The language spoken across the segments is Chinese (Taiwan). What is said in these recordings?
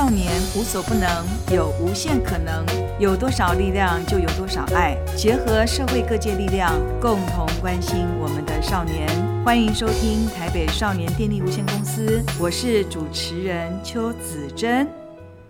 少年無所不能，有無限可能。有多少力量，就有多少愛。結合社會各界力量，共同關心我們的少年。歡迎收聽台北少年電力無限公司，我是主持人邱子珍。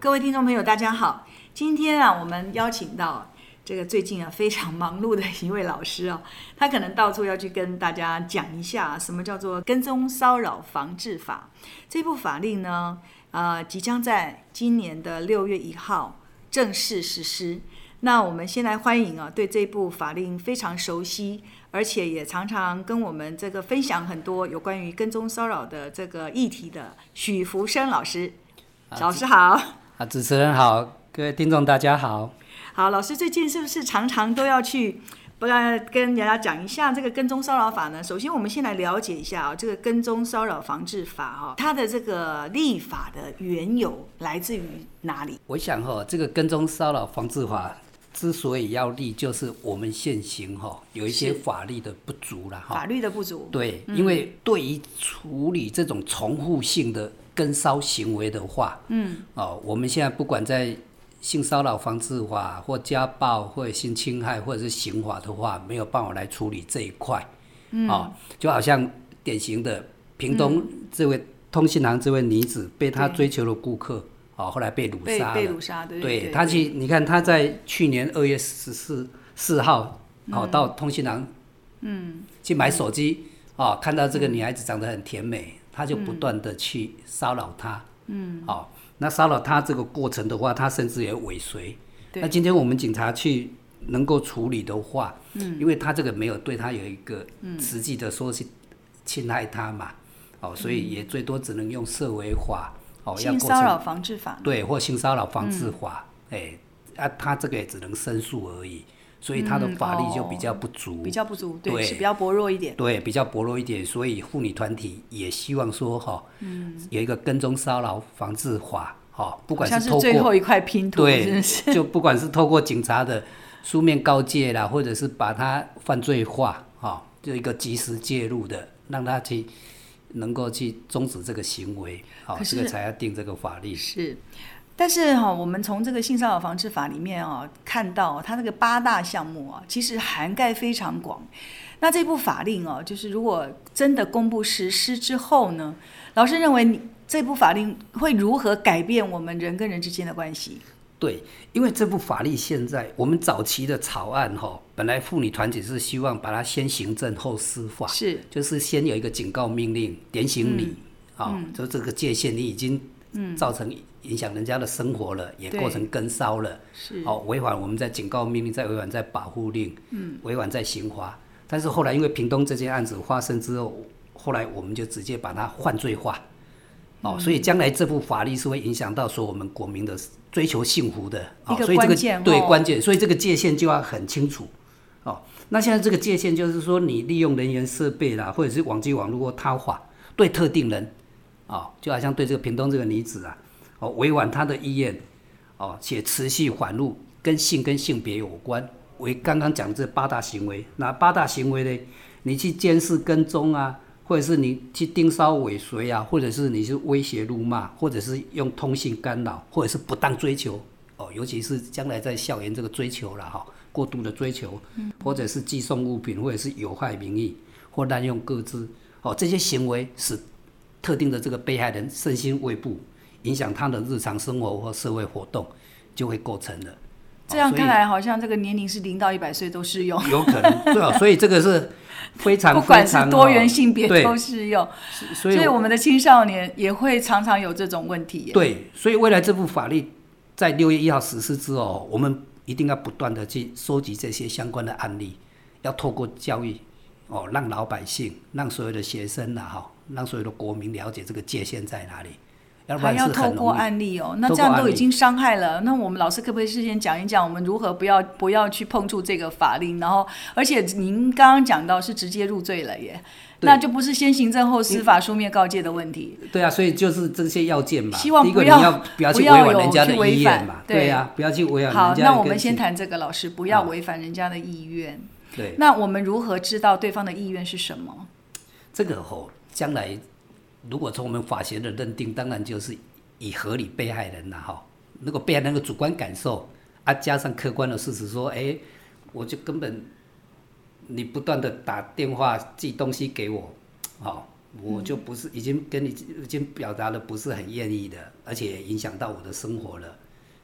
各位聽眾朋友，大家好。今天啊，我們邀請到這個最近啊非常忙碌的一位老師哦、啊，他可能到處要去跟大家講一下、啊、什麼叫做跟蹤騷擾防治法這部法令呢，呃，即將在今年的六月一號正式實施。那我們先來歡迎啊，對這部法令非常熟悉，而且也常常跟我們這個分享很多有關於跟蹤騷擾的這個議題的許福生老師。啊，老師好，啊，主持人好，各位聽眾大家好。好，老師最近是不是常常都要去？不要跟大家講一下這個跟蹤騷擾法呢。首先，我們先來了解一下啊，這個跟蹤騷擾防治法哈，它的這個立法的緣由來自於哪裡？我想哈，這個跟蹤騷擾防治法之所以要立，就是我們現行哈有一些法律的不足了哈。法律的不足。對，因為對於處理這種重複性的跟騷行為的話，嗯，哦，我們現在不管在。性騷擾防治法或家暴或者性侵害或者是刑法的話，沒有辦法來處理這一塊。嗯，哦、就好像典型的屏東這位、嗯、通信行這位女子被他追求的顧客，哦，後來被擄殺了。被擄殺，對、對、對，他去對，你看他在去年二月十四四號、嗯，哦，到通信行，嗯，去買手機，嗯、哦、嗯，看到這個女孩子長得很甜美，嗯、他就不斷的去騷擾她。嗯，好、哦，那騷擾他這個過程的話，他甚至也尾隨。那今天我們警察去能夠處理的話，嗯，因為他這個沒有對他有一個實際的說是侵害他嘛、嗯，哦，所以也最多只能用社維法，哦，要構成性騷擾防治法對，或性騷擾防治法，哎、嗯欸，啊，他這個也只能申訴而已。所以他的法律就比較不足，嗯哦、比較不足，對，對比較薄弱一點。對，比較薄弱一點，所以婦女團體也希望說哈、哦嗯，有一個跟蹤騷擾防治法，哈、哦，不管是透過，是最後一塊拼圖，對是是，就不管是透過警察的書面告誡啦，或者是把他犯罪化，哈、哦，就一個及時介入的，讓他去能夠去終止這個行為，好、哦，這個才要定這個法律。是。但是哈，我們從這個性騷擾防治法裡面啊，看到它那個八大項目啊，其實涵蓋非常廣。那這部法令啊，就是如果真的公布實施之後呢，老師認為這部法令會如何改變我們人跟人之間的關係？對，因為這部法律現在我們早期的草案哈，本來婦女團體是希望把它先行政後司法，是，就是先有一個警告命令點醒你啊，就這個界限你已經，造成影響人家的生活了，也構成跟騷了，是哦，違反我們在警告命令，在違反在保護令，嗯，違反在刑罰。但是後來因為屏東這件案子發生之後，後來我們就直接把它犯罪化，哦，嗯、所以將來這部法律是會影響到說我們國民的追求幸福的，哦、關所以這個、哦、對關鍵，所以這個界限就要很清楚。哦，那現在這個界限就是說，你利用人員設備啦，或者是網際網路或他法，對特定人。哦，就好像對這個屏東這個女子啊，哦，委婉她的意願，哦，且持續反覆，跟性跟性別有關。我剛剛講這八大行為，哪八大行為呢？你去監視跟蹤啊，或者是你去盯梢尾隨啊，或者是你是威脅辱罵，或者是用通信干擾，或者是不當追求，哦，尤其是將來在校園這個追求了哈、哦，過度的追求，或者是寄送物品，或者是有害名譽或濫用個資，哦，這些行為是，特定的這個被害人身心畏怖，影響他的日常生活或社會活動，就會構成了。這樣看來，好像這個年齡是零到一百歲都適用。有可能對啊，所以這個是非常非常，不管是多元性別都適用。 所，所以我們的青少年也會常常有這種問題。對，所以未來這部法律在六月一號實施之後，我們一定要不斷的去收集這些相關的案例，要透過教育哦，讓老百姓，讓所有的學生吶，哈。讓所有的國民了解這個界限在哪裡，要不還要透過案例哦？那這樣都已經傷害了。那我們老師可不可以事先講一講，我們如何不要不要去碰觸這個法令？然後，而且您剛剛講到是直接入罪了耶，那就不是先行政後司法書面告誡的問題，嗯。對啊，所以就是這些要件吧。希望不要，要不要去違反人家的意願。對，對啊，不要去違反。好，那我們先談這個，老師不要違反人家的意願。對、啊。那我們如何知道對方的意願是什麼、嗯？這個吼。將來，如果從我們法學的認定，當然就是以合理被害人了、啊、哈。如果被害人的主觀感受啊，加上客觀的事實說，哎，我就根本你不斷的打電話寄東西給我，好、哦，我就不是已經跟你已經表達了不是很願意的，而且影響到我的生活了，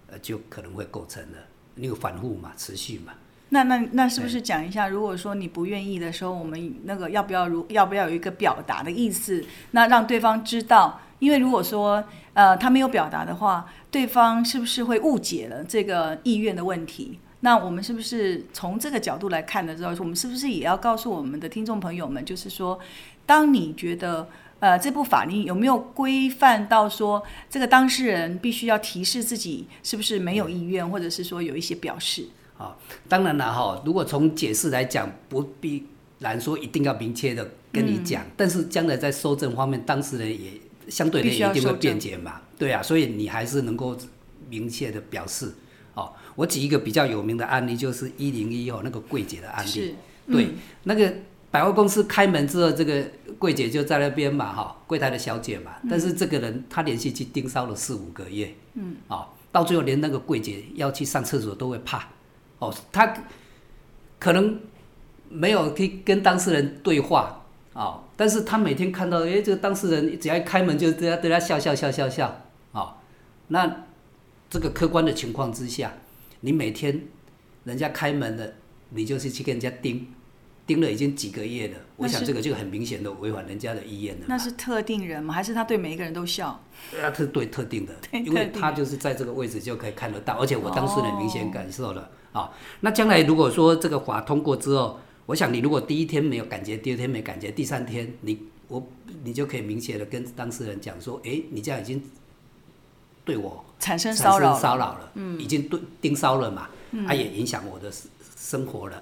呃，就可能會構成了因為，反覆嘛，持續嘛。那那那是不是講一下？如果說你不願意的時候，我們那個要不要，如要不要有一個表達的意思？那讓對方知道，因為如果說呃他沒有表達的話，對方是不是會誤解了這個意願的問題？那我們是不是從這個角度來看的時候，我們是不是也要告訴我們的聽眾朋友們，就是說，當你覺得呃這部法律有沒有規範到說這個當事人必須要提示自己是不是沒有意願，或者是說有一些表示？啊、哦，當然了哈、哦，如果從解釋來講，不必然說一定要明確的跟你講、嗯，但是將來在收證方面，當事人也相對的也一定會辯解嘛，對啊，所以你還是能夠明確的表示。哦，我舉一個比較有名的案例，就是一零一哦那個櫃姐的案例是、嗯，對，那個百貨公司開門之後，這個櫃姐就在那邊嘛哈，櫃、哦、台的小姐嘛，但是這個人、嗯、他連續去盯梢了四五個月，嗯，啊、哦，到最後連那個櫃姐要去上廁所都會怕。哦，他可能沒有跟跟當事人對話哦，但是他每天看到，哎、欸，這個當事人只要一開門就對他，對他笑笑笑笑笑哦，那這個客觀的情況之下，你每天人家開門了，你就是去跟人家盯，盯了已經幾個月了。我想這個就很明顯的違反人家的意願了。那是特定人嗎？還是他對每一個人都笑？那、啊、是對特定的特定，因為他就是在這個位置，就可以看得到，而且我當事人明顯感受了。哦好、哦，那將來如果說這個法通過之後，我想你如果第一天沒有感覺，第二天沒感覺，第三天你我你就可以明確的跟當事人講說，哎、欸，你這樣已經對我產生騷擾了，了、嗯，已經對盯騷了嘛，它、啊、也影響我的生活了，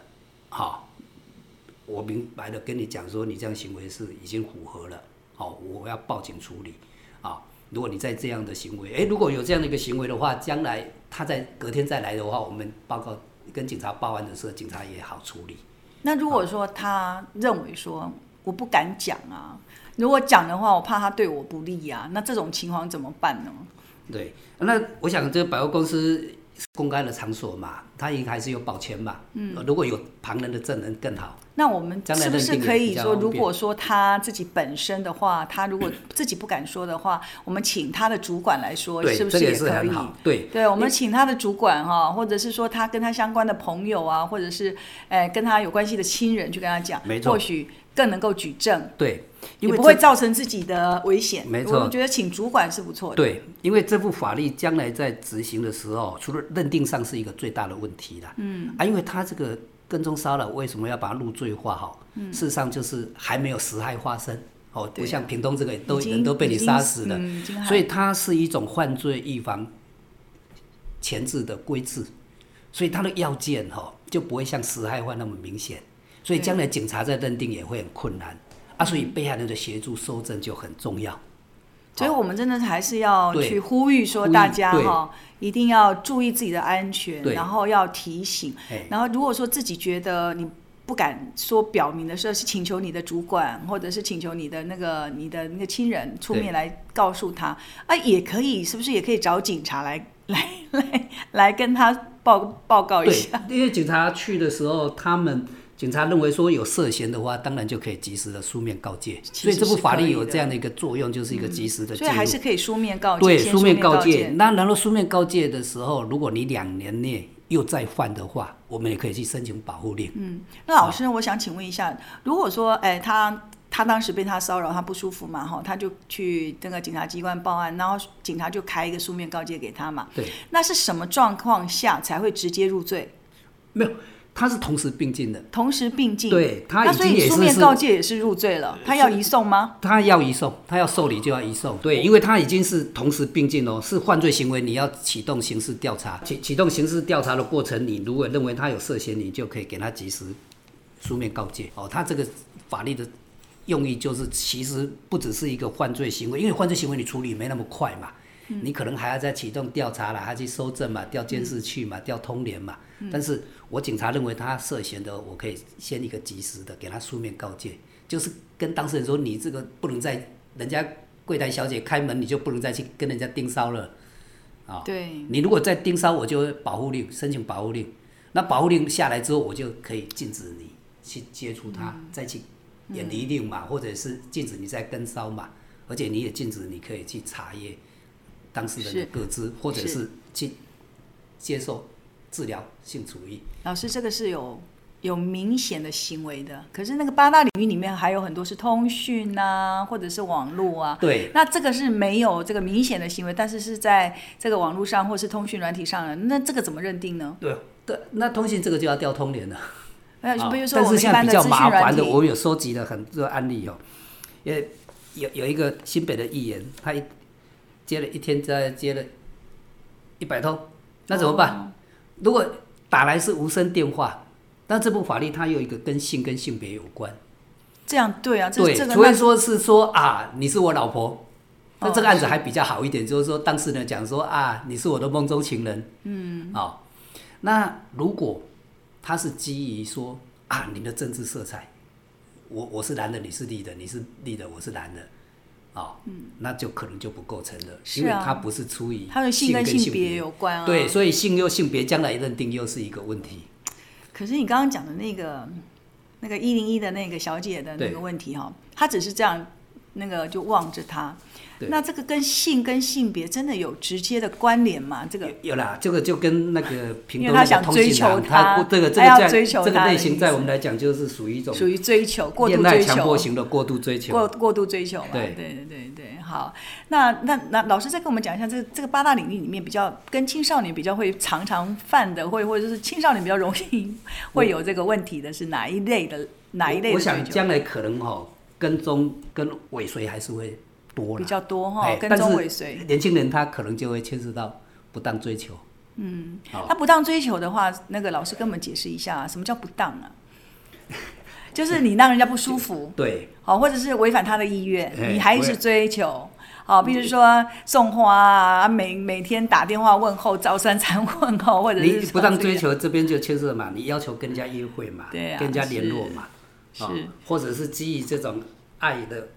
好、嗯啊，我明白的跟你講說，你這樣行為是已經符合了，好、哦，我要報警處理，啊、哦。如果你在這樣的行為，誒、欸，如果有這樣的一個行為的話，將來他在隔天再來的話，我們報告跟警察報案的時候，警察也好處理。那如果說他認為說我不敢講啊，如果講的話，我怕他對我不利啊，那這種情況怎麼辦呢？對，那我想這個百貨公司是公開的場所嘛。他應該還是有保全吧。嗯，如果有旁人的證人更好。那我們是不是可以說，如果說他自己本身的話，嗯，他如果自己不敢說的話，嗯，我們請他的主管來說，是不是也可以，這也是很好？對，對，我們請他的主管哈，或者是說他跟他相關的朋友啊，或者是，哎，跟他有關係的親人去跟他講，沒錯，或許更能夠舉證。對，也不會造成自己的危險。沒錯，我們覺得請主管是不錯的。對，因為這部法律將來在執行的時候，除了認定上是一個最大的問題問題啦，嗯啊，因為他這個跟蹤騷擾，為什麼要把它入罪化？好、嗯、事實上就是還沒有實害發生，哦，不像屏東這個都人都被你殺死了、嗯，所以它是一種犯罪預防前置的規制，所以它的要件哈、哦、就不會像實害化那麼明顯，所以將來警察在認定也會很困難啊，所以被害人的協助蒐證就很重要。嗯所以我們真的還是要去呼籲說，大家哈、喔、一定要注意自己的安全，然後要提醒，然後如果說自己覺得你不敢說表明的時候，是請求你的主管，或者是請求你的那個你的那個親人出面來告訴他。啊，也可以，是不是也可以找警察來來來 來跟他報報告一下？因為警察去的時候，他們。警察認為說有涉嫌的話，當然就可以及時的書面告誡，所以這部法律有這樣的一個作用，是就是一個及時的、嗯。所以還是可以書面告誡。對，書面告誡。那然後書面告誡的時候，如果你兩年內又再犯的話，我們也可以去申請保護令。嗯，那老師、哦，我想請問一下，如果說，哎、欸，他他當時被他騷擾，他不舒服嘛？哈、哦，他就去那個警察機關報案，然後警察就開一個書面告誡給他嘛？對。那是什麼狀況下才會直接入罪？沒有。他是同時並進的，同時並進，對，他已經也是，啊，所以也是書面告誡也是入罪了。他要移送嗎？他要移送，他要受理就要移送。對，因為他已經是同時並進嘍，哦，是犯罪行為，你要啟動刑事調查。啟啟動刑事調查的過程，你如果認為他有涉嫌，你就可以給他及時書面告誡。哦，他這個法律的用意就是，其實不只是一個犯罪行為，因為犯罪行為你處理沒那麼快嘛，嗯，你可能還要再啟動調查了，還去蒐證嘛，調監視器嘛，調，嗯，通聯嘛，但是。我警察認為他涉嫌的，我可以先一個及時的給他書面告誡，就是跟當事人說，你這個不能再人家櫃檯小姐開門，你就不能再去跟人家盯梢了，啊、哦，對，你如果再盯梢，我就會保護令，申請保護令，那保護令下來之後，我就可以禁止你去接觸他、嗯，再去遠離令嘛、嗯，或者是禁止你再跟梢嘛，而且你也禁止你可以去查閱當事人的個資，或者是去接受。治療性主義，老師，這個是有有明顯的行為的。可是那個八大領域裡面還有很多是通訊啊，或者是網絡啊。對。那這個是沒有這個明顯的行為，但是是在這個網絡上或是通訊軟體上的。那這個怎麼認定呢？對對，那通訊這個就要調通聯了。哎、嗯，比如說我們一般的資訊軟體、啊、但是現在比較麻煩的，我們有收集了很多案例哦、喔。有有一個新北的議員，他一接了一天再接了一百通，那怎麼辦？啊啊如果打來是無聲電話，那這部法律它有一個跟性跟性別有關，這樣對啊？就是這個那個、對，除非說是說啊，你是我老婆，那這個案子還比較好一點，哦、是就是說當事人講說啊，你是我的夢中情人，嗯，啊、哦，那如果他是基於說啊，你的政治色彩，我我是藍的，你是綠的，你是綠的，我是藍的。嗯、哦，那就可能就不構成了，啊、因為他不是出於他的性跟性別有關，啊，對，所以性又性別將來認定又是一個問題。可是你剛剛講的那個那個一零一的那個小姐的那個問題哈，她只是這樣。那個就望着他，那這個跟性跟性別真的有直接的關聯嗎？這個有，有啦，這個就跟那個，那個，因為他想追求他，他這個、這個、要追求他。在這個類型在我們來講就是屬於一種屬於追求、戀愛、強迫型的過度追求、過過度追求嘛。對對對對，好，那那那老師再跟我們講一下，這個、這個八大領域裡面比較跟青少年比較會常常犯的，或或者是青少年比較容易會有這個問題的，是哪一類的？哪一類的我？我想將來可能哈。跟蹤跟尾隨還是會多，比較多哈、喔。跟蹤尾隨，年輕人他可能就會牽涉到不當追求。嗯，好，他不當追求的話，那個老師跟我們解釋一下、啊，什麼叫不當啊？就是你讓人家不舒服， 對，好，或者是違反他的意願，你還是追求，啊、好，比如說送花啊，每每天打電話問候，照三餐問候，或者你不當追求，這邊就牽涉嘛，你要求跟人家約會嘛，對、啊、跟人家聯絡嘛。是、哦，或者是基於這種愛的，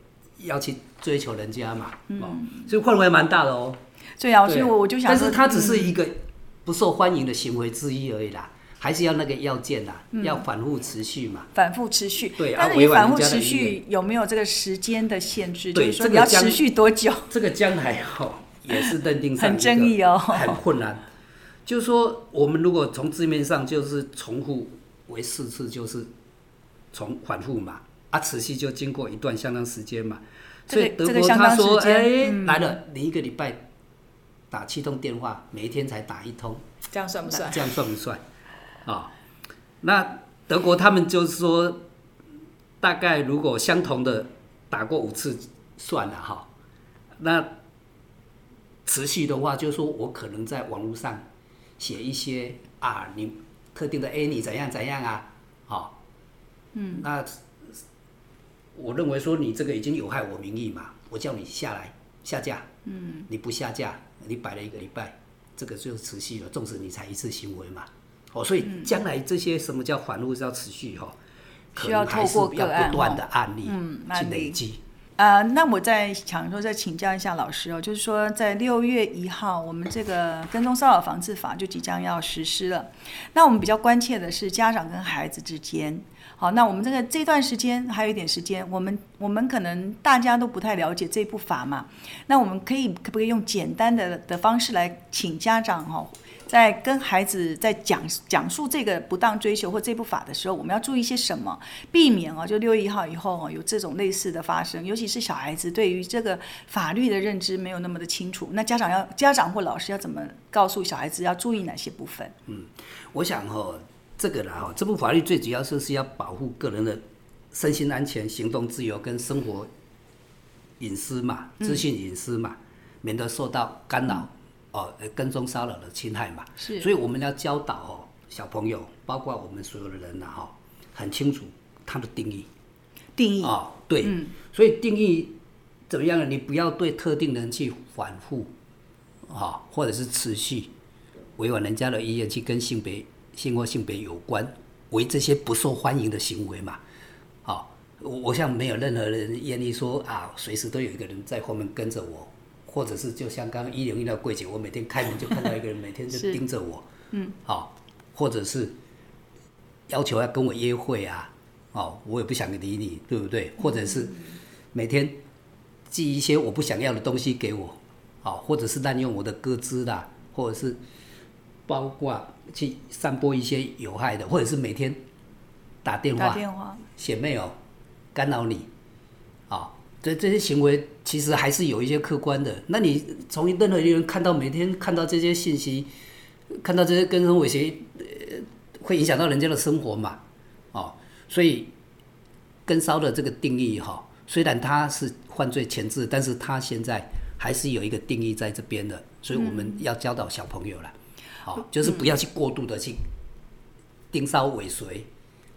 要去追求人家嘛，嗯、哦，所以範圍蠻大的哦。對啊，所以我我就想，但是它只是一個不受歡迎的行為之一而已啦，嗯、還是要那個要件啦、啊嗯，要反覆持續嘛。反覆持續。對，啊。你反覆持續有沒有這個時間的限制？對，這、就、個、是、要持續多久？這個將來、這個、哦，也是認定、這個、很爭議哦，很困難。就是說我們如果從字面上就是重複為四次，就是。從反覆嘛啊，持續就經過一段相當時間嘛、這個，所以德國他說，哎、這個欸嗯，來了，你一個禮拜打七通電話，每天才打一通，這樣算不算？這樣算不算？啊、 哦，那德國他們就是說，大概如果相同的打過五次算了哈，那持續的話就是說我可能在網絡上寫一些啊，你特定的哎你怎樣怎樣啊。嗯，那我認為說你這個已經有害我名譽嘛，我叫你下來下架。嗯，你不下架，你擺了一個禮拜，這個就持續了，縱使你才一次行為嘛，哦，所以將來這些什麼叫反覆叫持續哈、哦，可能還是要不斷的案例去累積。呃，uh，那我再想說，再請教一下老師哦，就是說，在六月一號，我們這個跟蹤騷擾防治法就即將要實施了。那我們比較關切的是家長跟孩子之間，好，那我們這個這段時間還有一點時間，我們我們可能大家都不太了解這部法嘛，那我們可以可不可以用簡單的的方式來請家長哦？在跟孩子在講講述這個不當追求或這部法的時候，我們要注意些什麼？避免哦、啊，就六月一號以後、啊、有這種類似的發生，尤其是小孩子對於這個法律的認知沒有那麼的清楚。那家長要家長或老師要怎麼告訴小孩子要注意哪些部分？嗯，我想哈、哦，這個呢哈，這部法律最主要就是，是要保護個人的身心安全、行動自由跟生活隱私嘛，資訊隱私嘛、嗯，免得受到干擾。哦，跟蹤騷擾的侵害嘛，是，所以我們要教導哦小朋友，包括我們所有的人啊，哈，很清楚它的定義。定義啊，對、嗯，所以定義怎麼樣呢？你不要對特定人去反復啊，或者是持續違反人家的意願去跟性別、性或性別有關為這些不受歡迎的行為嘛。好、啊，我我想沒有任何人願意說啊，隨時都有一個人在後面跟着我。或者是就像剛剛一零一那個櫃姐，我每天開門就看到一個人，每天就盯着我， 嗯，好、哦，或者是要求要跟我約會啊，哦，我也不想理你，對不對？或者是每天寄一些我不想要的東西給我，哦，或者是濫用我的個資啦，或者是包括去散播一些有害的，或者是每天打電話打電話，寫 mail 哦，干擾你，啊、哦。所以這些行為其實還是有一些客觀的。那你從任何一個人看到每天看到這些信息，看到這些跟蹤尾隨，呃，會影響到人家的生活嘛？哦，所以跟騷的這個定義哈，雖然它是犯罪前置，但是它現在還是有一個定義在這邊的。所以我們要教導小朋友了、嗯，哦，就是不要去過度的去盯梢尾隨，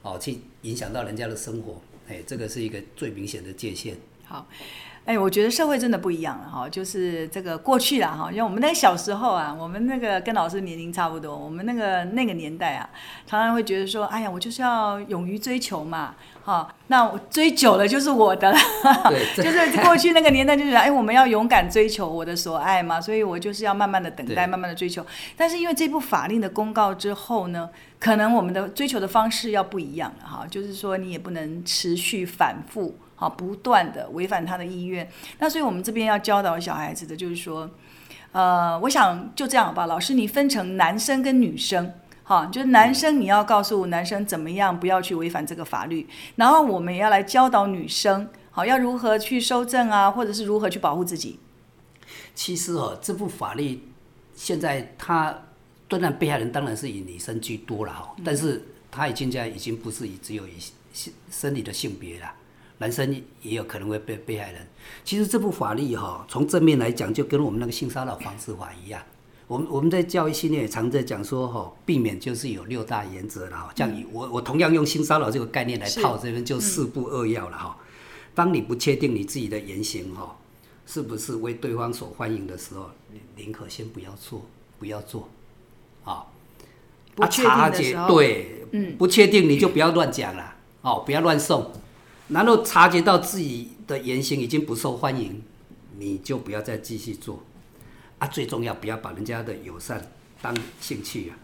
哦，去影響到人家的生活。哎，這個是一個最明顯的界限。好，哎、欸，我覺得社會真的不一樣了哈。就是這個過去了。哈，像我們那個小時候啊，我們那個跟老師年齡差不多，我們那個那個年代啊，常常會覺得說，哎呀，我就是要勇於追求嘛哈。那我追久了就是我的，對， 就是過去那個年代就是，哎，我們要勇敢追求我的所愛嘛。所以我就是要慢慢的等待，慢慢的追求。但是因為這部法令的公告之後呢，可能我們的追求的方式要不一樣了哈。就是說，你也不能持續反覆。好，不斷的違反他的意願。那所以我們這邊要教導小孩子的，就是說，呃，我想就這樣吧。老師，你分成男生跟女生，哈，就是男生你要告訴男生怎麼樣不要去違反這個法律，然後我們也要來教導女生，好，要如何去蒐證啊，或者是如何去保護自己。其實哦，這部法律現在他，當然被害人當然是以女生居多了哈、嗯，但是它現在已經不是以只有以性生理的性別了。男生也有可能會被被害人。其實這部法律哈、喔，從正面來講，就跟我們那個性騷擾防治法一樣。我們我們在教育系列也常在講說避免就是有六大原則哈。像、嗯、我我同樣用性騷擾這個概念來套這，這邊就四不二要了哈、嗯。當你不確定你自己的言行哈、喔、是不是為對方所歡迎的時候，寧可先不要做，不要做。喔、啊，不確定對，不確定你就不要亂講了，哦、嗯喔，不要亂送。然後察覺到自己的言行已經不受歡迎，你就不要再繼續做，啊，最重要不要把人家的友善當興趣啊，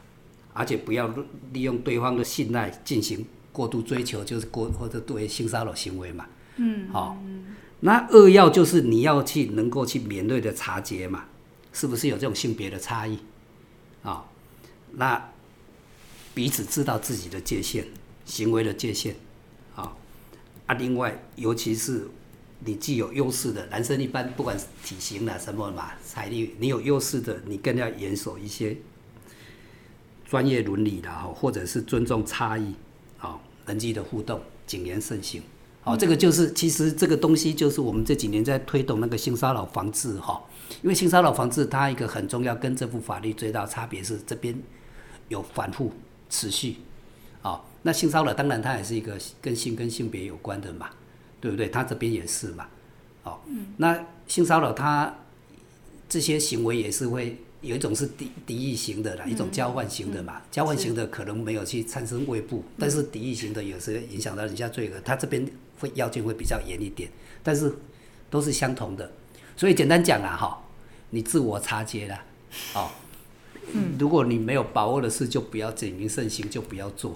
而且不要利用對方的信賴進行過度追求，就是過或者對性騷擾行為嘛。嗯，好，哦，那二要就是你要去能夠去敏銳的察覺嘛，是不是有這種性別的差異啊，哦？那彼此知道自己的界限，行為的界限。啊，另外，尤其是你既有優勢的男生，一般不管是體型啦、啊、什麼嘛，財力，你有優勢的，你更要嚴守一些專業倫理的哈，或者是尊重差異，啊、哦，人際的互動，謹言慎行，好、哦，這個就是其實這個東西就是我們這幾年在推動那個性騷擾防治哈、哦，因為性騷擾防治它一個很重要，跟這部法律最大的差別是這邊有反複持續，啊、哦。那性騷擾當然它也是一個跟性跟性別有關的嘛，對不對？它這邊也是嘛，哦，嗯、那性騷擾它這些行為也是會有一種是敵敵意型的啦，嗯、一種交換型的嘛，嗯、交換型的可能沒有去產生畏怖，嗯、但是敵意型的有時候影響到人家罪惡，它、嗯、這邊會要件會比較嚴一點，但是都是相同的，所以簡單講啊哈，你自我察覺了，哦、嗯，如果你沒有把握的事就不要謹言慎行，就不要做。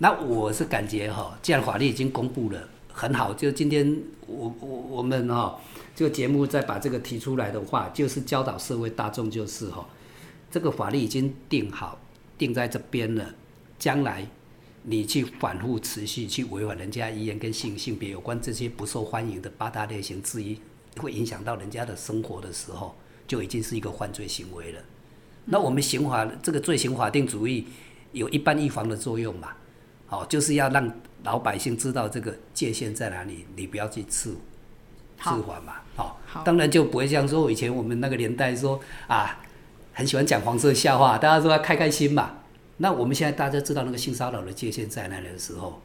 那我是感覺哈、哦，既然法律已經公布了，很好。就今天我我我們哈、哦，這個節目再把這個提出來的話，就是教導社會大眾就是哈、哦，這個法律已經定好，定在這邊了。將來你去反覆持續去違反人家意願跟性性別有關這些不受歡迎的八大類型之一，會影響到人家的生活的時候，就已經是一個犯罪行為了。嗯、那我們刑法這個罪刑法定主義有一般預防的作用嘛。好、哦，就是要讓老百姓知道這個界限在哪裡，你不要去自自劃嘛、哦。好，當然就不會像說以前我們那個年代說啊，很喜歡講黃色笑話，大家說要開開心嘛。那我們現在大家知道那個性騷擾的界限在哪裡的時候，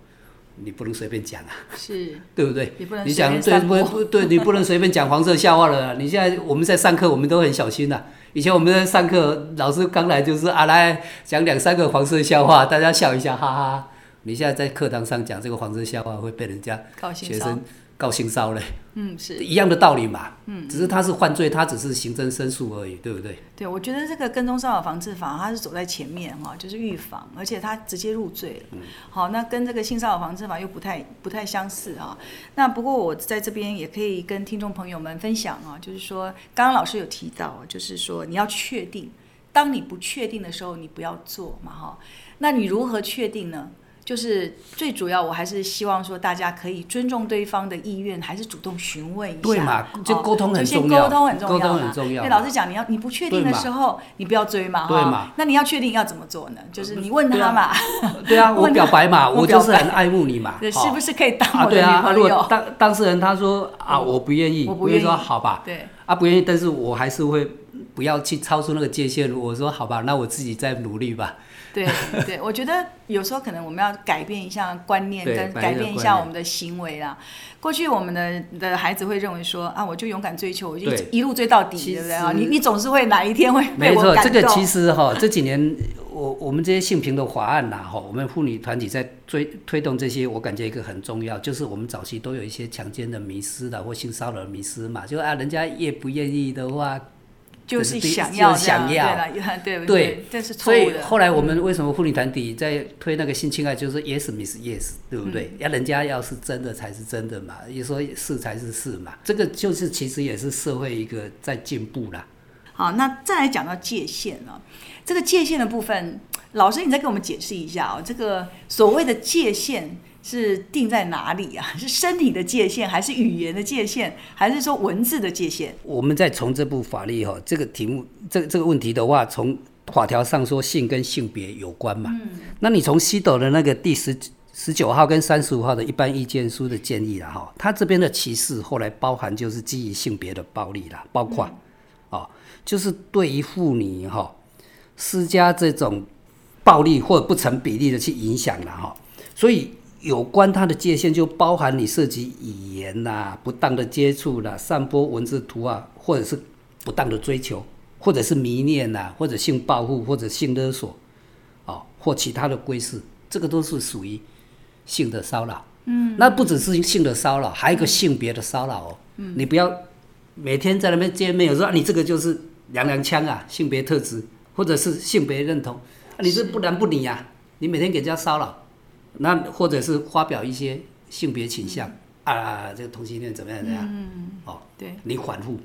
你不能隨便講啊，是， 對不，對，不，對，不，不對？你不能，你講對不不，對你不能隨便講黃色笑話了。你現在我們在上課，我們都很小心吶、啊。以前我們在上課，老師剛來就是啊來講兩三個黃色笑話，大家笑一下，哈哈。你現在在課堂上講這個黃色笑話會被人家告，學生告性騷擾嘞，嗯，是一樣的道理嘛，嗯，只是他是犯罪，嗯、他只是行政申訴而已，對不對？對，我覺得這個跟蹤騷擾防治法它是走在前面哈，就是預防，而且它直接入罪了。嗯、好，那跟這個性騷擾防治法又不太不太相似啊。那不過我在這邊也可以跟聽眾朋友們分享啊，就是說剛剛老師有提到，就是說你要確定，當你不確定的時候，你不要做嘛哈。那你如何確定呢？嗯就是最主要，我還是希望說大家可以尊重對方的意願，還是主動詢問一下。對嘛，就溝通很重要，溝、哦、通很重要，溝通很重要。對，老實講，你要你不確定的時候，你不要追嘛。對嘛？哦、那你要確定要怎麼做呢？就是你問他嘛對、啊。對啊，我表白嘛，我就是很愛慕你嘛。哦、是不是可以當我的女朋友？啊對啊，如果當當事人他說啊我不願意，我會說好吧。對。對啊，不願意，但是我還是會不要去超出那個界限。我說好吧，那我自己再努力吧。 對對，對，我覺得有時候可能我們要改變一下觀念，跟改變一下我們的行為啦。過去我們的的孩子會認為說啊，我就勇敢追求，我就一,一路追到底，對不對啊？你你總是會哪一天會被我感動。沒錯，這個其實哈，這幾年我我們這些性平的法案吶，哈，我們婦女團體在追推動這些，我感覺一個很重要，就是我們早期都有一些強姦的迷思啦、迷思的或性騷擾迷思嘛，就啊，人家願不願意的話。就是、就是想要，對要對不對，對，對？這是錯誤的。所以後來我們為什麼婦女團體在推那個性侵害，就是 yes miss yes，對不對？要、嗯、人家要是真的才是真的嘛，你說是才是是嘛，這個就是其實也是社會一個在進步啦。好，那再來講到界限了，這個界限的部分，老師你再給我們解釋一下啊，這個所謂的界限。是定在哪裡啊？是身體的界限，還是語言的界限，還是說文字的界限？我們再從這部法律哈，這個題目這個、這個問題的話，從法條上說，性跟性別有關嘛。嗯。那你從西斗的那個第十十九號跟三十五號的一般意見書的建議了。哈，他這邊的歧視後來包含就是基於性別的暴力啦，包括啊、嗯哦，就是對於婦女哈、哦、施加這種暴力或者不成比例的去影響了哈、嗯，所以。有關它的界限就包含你涉及語言啊、不當的接觸啦、啊、散播文字圖啊，或者是不當的追求，或者是迷戀吶、啊，或者性報復，或者性勒索，哦，或其他的歸事，這個都是屬於性的騷擾。嗯，那不只是性的騷擾，還有一個性別的騷擾哦、嗯。你不要每天在那邊見面，有說啊，你這個就是娘娘腔啊，性別特質或者是性別認同，啊，你這不不啊，你是不男不女啊，你每天給人家騷擾。那或者是發表一些性別傾向、嗯、啊，啊，這個同性戀怎麼樣怎樣？嗯、哦，對，你反覆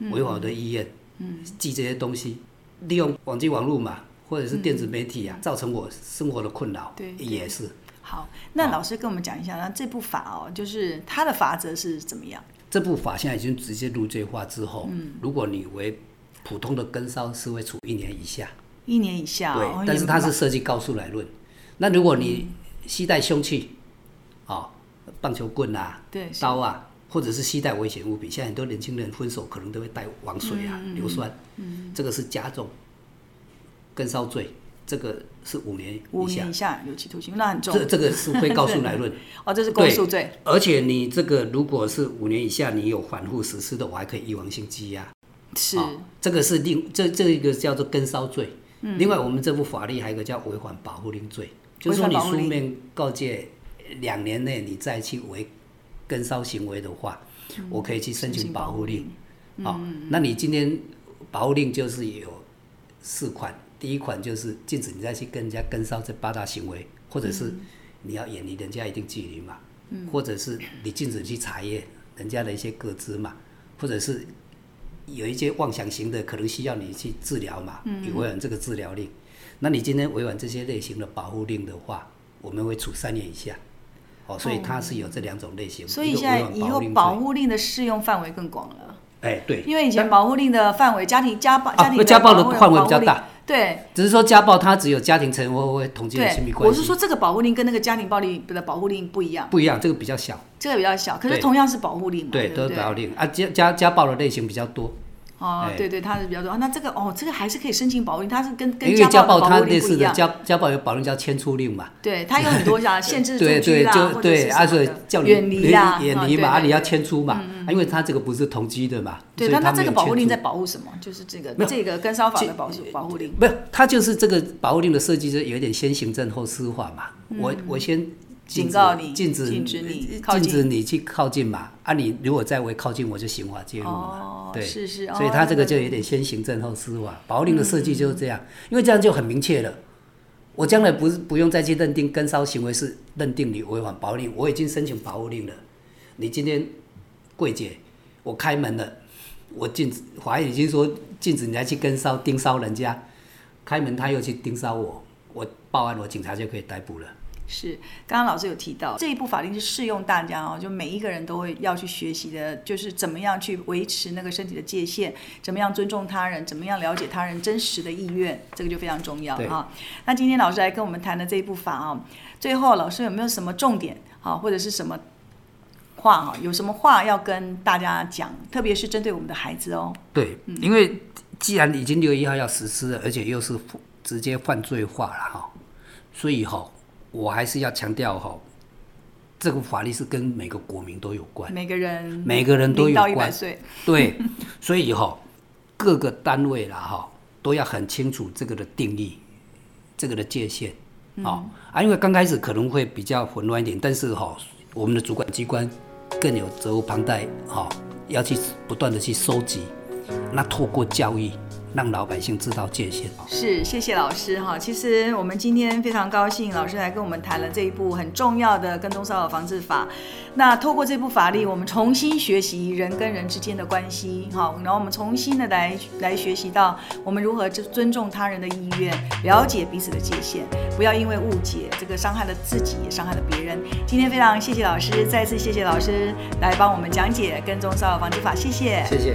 違反我的意願，嗯，嗯嗯寄這些東西，利用網際網絡嘛，或者是電子媒體啊，嗯、造成我生活的困擾，對，也是。好，那老師跟我們講一下，那這部法哦，就是它的法則是怎麼樣？這部法現在已經直接入罪化之後、嗯，如果你為普通的跟騷是會處一年以下，一年以下，對，哦、對但是它是涉及告訴乃論、嗯，那如果你。嗯吸帶凶器，哦，棒球棍吶、啊，刀啊，或者是吸帶危險物品，現在很多年輕人分手可能都會帶王水啊、嗯、硫酸、嗯，這個是加重，跟燒罪，這個是五年，五年以下有期徒刑，那很重。這這個是會告訴來論，哦，這是公訴罪，而且你這個如果是五年以下，你有反覆實施的，我還可以預防性羈押，是、哦，這個是另這這一個叫做跟燒罪、嗯，另外我們這部法律還有一個叫違反保護令罪。就算、是、你書面告誡，兩年內你再去為跟騷行為的話、嗯，我可以去申請保護令。好、嗯哦嗯，那你今天保護令就是有四款，第一款就是禁止你再去跟人家跟騷這八大行為，或者是你要遠離人家一定距離嘛、嗯，或者是你禁止你去查閱人家的一些個資嘛，或者是有一些妄想型的可能需要你去治療嘛，會、嗯、有,沒有這個治療令。那你今天違反這些類型的保護令的話，我們會處三年以下。哦、喔，所以它是有這兩種類型、哦。所以現在以後保護令的適用範圍更廣了。哎、欸，對，因為以前保護令的範圍，家庭家暴，家庭、啊、家暴的範圍比較大。對，只是說家暴它只有家庭成員會統計親密關係。我是說這個保護令跟那個家庭暴力的保護令不一樣。不一樣，這個比較小，這個比較小，可是同樣是保護令嘛對。對，都是保護令對啊，家家家暴的類型比較多。哦，對,對對，他是比較多，那這個哦，這個還是可以申請保護令，它是跟跟家暴保護令不一樣。家家暴有保護令叫遷出令嘛？對，它有很多像限制住居啦對對對就，或者是遠離、那個、啊，遠離嘛，你要遷出嘛對對對、啊，因為它這個不是同居的嘛。對，那它,它這個保護令在保護什麼？就是這個，那這個跟騷擾法的保護保護令。沒有，它就是這個保護令的設計是有點先行政後司法嘛。我、嗯、我先。警告你，禁止，禁止你，禁止你去靠近嘛，啊你如果再違靠近我就刑法介入嘛，對，是是、哦、所以他這個就有點先行政後司法保護令的設計就是這樣、嗯、因為這樣就很明確了，我將來不不用再去認定跟騷行為，是認定你違反保護令，我已經申請保護令了，你今天櫃姐我開門了，我禁止，法院已經說禁止你再去跟騷盯梢人家開門，他又去盯梢我，我報案，我警察就可以逮捕了。是，剛剛老師有提到這一部法令是適用大家哦，就每一個人都會要去學習的，就是怎麼樣去維持那個身體的界限，怎麼樣尊重他人，怎麼樣了解他人真實的意願，這個就非常重要啊、哦。那今天老師來跟我們談的這一部法啊，最後老師有沒有什麼重點啊，或者是什麼話哈，有什麼話要跟大家講，特別是針對我們的孩子哦？對，嗯，因為既然已經六月一號要實施了，而且又是直接犯罪化了哈，所以哈、哦。我還是要強調哈、哦，這個法律是跟每個國民都有關，每個人、每個人都有關。對，所以哈、哦，各個單位啦哈，都要很清楚這個的定義，這個的界限啊、哦嗯、啊，因為剛開始可能會比較混亂一點，但是哈、哦，我們的主管機關更有責無旁貸哈、哦，要去不斷的去收集，那透過教育。讓老百姓知道界限。是，謝謝老師哈。其實我們今天非常高興，老師來跟我們談了這一部很重要的跟蹤騷擾防治法。那透過這部法律，我們重新學習人跟人之間的關係，好，然後我們重新的來來學習到我們如何尊重他人的意願，了解彼此的界限，不要因為誤解這個傷害了自己，也傷害了別人。今天非常謝謝老師，再次謝謝老師來幫我們講解跟蹤騷擾防治法，謝謝，謝謝。